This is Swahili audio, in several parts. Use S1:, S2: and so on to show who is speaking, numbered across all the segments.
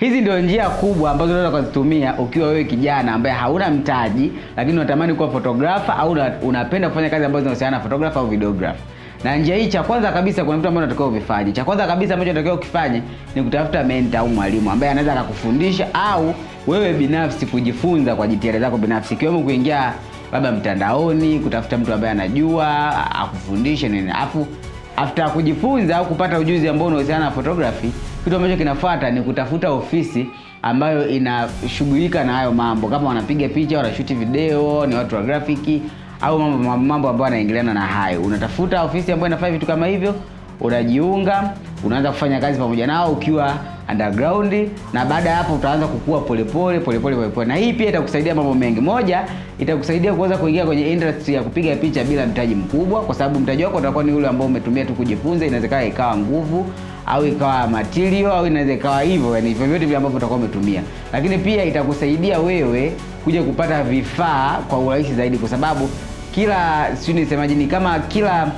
S1: Hizi ndio njia kubwa ambazo unaweza kuzitumia ukiwa wewe kijana ambaye hauna mtaji, lakini unatamani kuwa photographer au unapenda kufanya kazi ambazo zinahusiana na photographer au videographer. Na njia hii, cha kwanza kabisa, kuna vitu ambavyo unatakiwa uvifanye. Cha kwanza kabisa ambacho unatakiwa ukifanye ni kutafuta mentor au mwalimu ambaye anaweza akakufundisha au wewe binafsi kujifunza kwa jitihada zako binafsi, ikiwemo kuingia labda mtandaoni, kutafuta mtu ambaye anajua akufundishe nini, afu after kujifunza au kupata ujuzi ambao unahusiana na photography kitu ambacho kinafuata ni kutafuta ofisi ambayo inashughulika na hayo mambo, kama wanapiga picha, wanashuti video, ni watu wa grafiki au mambo, mambo ambayo anaingiliana na hayo. Unatafuta ofisi ambayo inafanya vitu kama hivyo, unajiunga, unaanza kufanya kazi pamoja nao ukiwa underground, na baada ya hapo utaanza kukua polepole polepole polepole, na hii pia itakusaidia mambo mengi. Moja, itakusaidia kuweza kuingia kwenye industry ya kupiga picha bila mtaji mkubwa, kwa sababu mtaji wako utakuwa ni ule ambao umetumia tu kujifunza, inawezekana ikawa nguvu au ikawa material au inaweza ikawa hivyo, yani vyovyote vile ambavyo utakuwa umetumia, lakini pia itakusaidia wewe kuja kupata vifaa kwa urahisi zaidi, kwa sababu kila sio nisemaji ni kama kila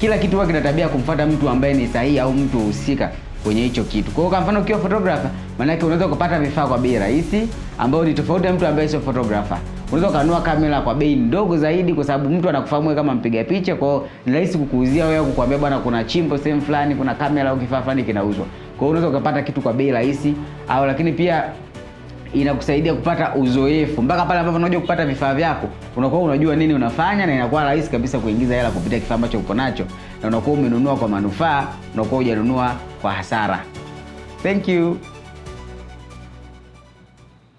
S1: kila kitu huwa kina tabia kumfuata mtu ambaye ni sahihi au mtu husika kwenye hicho kitu. Kwa hiyo kama mfano ukiwa photographer, maana yake unaweza kupata vifaa kwa bei rahisi ambayo ni tofauti na mtu ambaye sio photographer. Unaweza kununua kamera kwa bei ndogo zaidi kwa sababu mtu anakufahamu kama mpiga picha, kwa hiyo ni rahisi kukuuzia wewe kukuambia bwana, kuna chimbo sehemu fulani, kuna kamera au kifaa fulani kinauzwa. Kwa hiyo unaweza kupata kitu kwa bei rahisi au lakini pia inakusaidia kupata uzoefu mpaka pale ambapo unajua kupata vifaa vyako, unakuwa unajua nini unafanya, na inakuwa rahisi kabisa kuingiza hela kupitia kifaa ambacho uko nacho, na unakuwa umenunua kwa manufaa, unakuwa hujanunua Fahsara. Thank you.